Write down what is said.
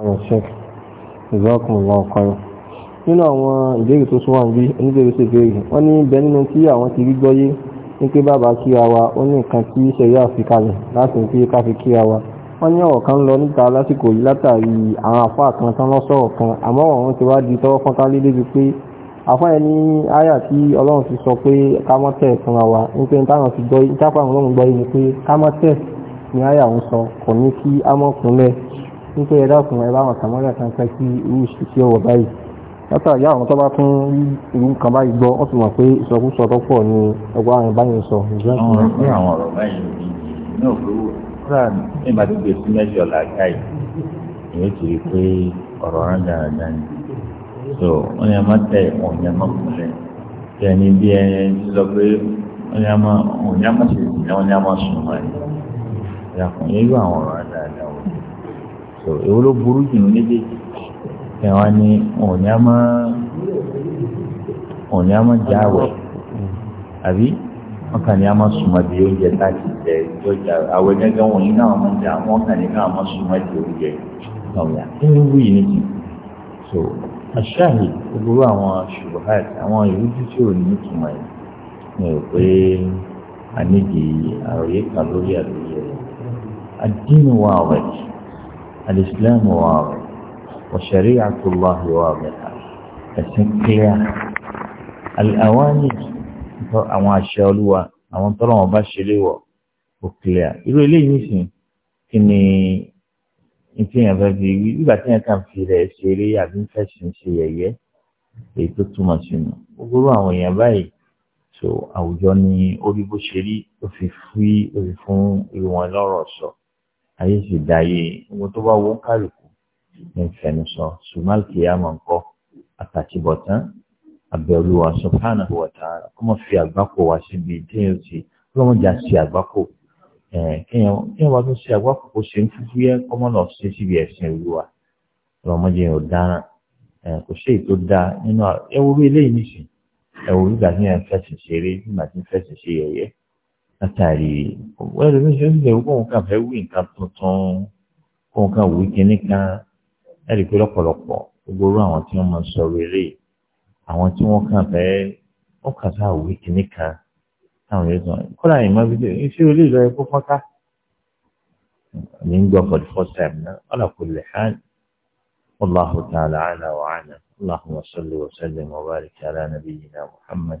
ọ̀rọ̀ sheik nínú àwọn ìbéèrè tó súnwà ń bí oníbèrè sí ìbéèrè wọ́n ní bẹ nínú tí àwọn ti rí gbọ́yé ní pé bàbá kíra wa ó ní nǹkan tí ṣẹ̀yà fi láti ń pé ká fi kíra wa wọ́n ní ọ̀rọ̀ kan lọ níta lásìkò yìí látàrí àwọn àfá kan lọ́sọ̀rọ̀ kan àmọ́ ọ̀run ti wá di tọ́wọ́ fọ́nká lílé bíi pé àfá ẹ̀ ní àyà tí ọlọ́run ti sọ pé ká mọ́ tẹ̀ fúnra wa ní pé táwọn ti gbọ́ yìí pé ká mọ́ tẹ̀ ní àyà òun sọ kò ní kí á mọ́ kúnlẹ̀ wípé ẹ dákun ẹ bá wọn sàmọ́lẹ̀ kan ká sí irú ìṣẹ̀ṣẹ̀ ọwọ́ báyìí látàrí àwọn tó bá tún rí irú nǹkan báyìí gbọ́ wọ́n ti mọ̀ pé ìsọkúsọ tó pọ̀ ni ẹgbẹ́ àwọn báyìí sọ. àwọn ọ̀rọ̀ báyìí ní òfurufú rà ní ìbá ti gbé sí mẹ́jọ làákà yìí èyí ti rí pé ọ̀rọ̀ rán dáadáa ni so wọ́n yẹn máa tẹ̀ wọ́n yẹn máa kúnlẹ̀ bí ẹni bí ẹni lọ pé wọ́n yẹn máa wọ́n yẹn máa ṣe wọ́n yẹn máa sùn sọ̀rọ̀ èwo ló burú jù méjèèjì ẹ̀wọ̀n ni òní á mọ́ òní á mọ́ já wẹ̀ àbí wọ́n kàn ní á mọ́ sùnmọ́ bí oúnjẹ láti jẹ ìjọjà àwọn ẹgbẹ́ wọn yìí náà wọ́n jà wọ́n kàn ní ká mọ́ sùnmọ́ bí oúnjẹ ọ̀yà kí ló wù yìí nìyí so aṣáàyè gbogbo àwọn ṣùgbọ́n àwọn ìrújú tí ò ní ìtumọ̀ yìí mi ò pé a nídìí àròyé kan lórí àlòyé rẹ̀ adínú wa ọ̀rẹ́ yìí. الإسلام واضح وشريعة الله واضحة السنكلية الأوامر àwọn àṣẹ olúwa àwọn tọ́lọ̀ wọn bá ṣe léwọ̀ kò clear irú eléyìí nìsín kí ni ìtìyàn fẹ́ fi ìgbà tí yẹn kàn fi rẹ̀ ṣeré àbí ń fẹ̀sìn ṣe yẹ̀yẹ́ èyí tó túmọ̀ sínú gbogbo àwọn èèyàn báyìí so àwùjọ ni orí bó ṣe rí ó fi fún irú wọn lọ́rọ̀ sọ ayé sì dáyé owó tó bá wọ́n kálukú ní ìfẹnusọ ṣùgbọ́n kì í àmọ̀ nǹkọ́ àtàtìbọ̀tán àbẹ̀rù wa subhanahu wa ta'ala kó mọ̀ fi àgbákò wá síbi téèyàn ti kó mọ̀ já sí àgbákò kéèyàn wá tó sí àgbákò kó ṣe ń fúfú yẹ kó mọ̀ lọ sí síbi ẹ̀sìn olúwa ọmọdé yẹn ò dáràn kò sí èyí tó dáa nínú ẹwúrú eléyìí nìsín ẹwúrú gbà tí yẹn ṣeré nígbà tí yẹn fẹsẹ̀ ṣe yẹ̀yẹ́ látàrí wẹ́rù mi ṣe ń lè wọ́n kóun kàn fẹ́ wí nǹkan tuntun kóun kàn wí kinní kan ẹ̀rí pé lọ́pọ̀lọpọ̀ gbogbo orú àwọn tí wọ́n máa ń sọ rere àwọn tí wọ́n kàn fẹ́ wọ́n kàn sáà wí kinní kan táwọn yóò sọ kọ́lá ìmọ̀ fi ṣe ṣé olè lọ ẹkọ́ fọ́nká ní gbọ́ for the first time náà ọ̀là kò lè hàn والله تعالى أعلى وأعلم اللهم صل وسلم وبارك على نبينا محمد